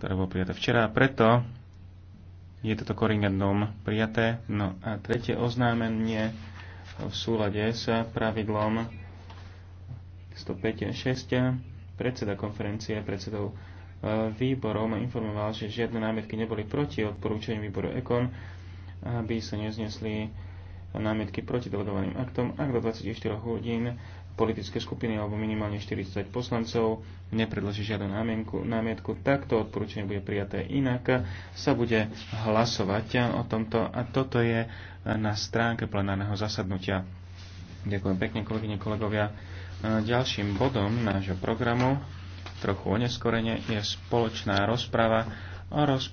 ktoré bolo prijaté včera. Preto je toto koringendum prijaté. No a tretie oznámenie v súlade s pravidlom 105 6. Predseda konferencie predsedov e, výborov ma informoval, že žiadne námietky neboli proti odporúčaniu výboru EKON, aby sa neznesli námietky proti dohodovaným aktom, ak do 24 hodín politické skupiny alebo minimálne 40 poslancov nepredloží žiadnu námienku, námietku, tak to odporúčanie bude prijaté inak. Sa bude hlasovať o tomto a toto je na stránke plenárneho zasadnutia. Ďakujem pekne, kolegyne, kolegovia. Ďalším bodom nášho programu, trochu oneskorene, je spoločná rozprava o rozpr-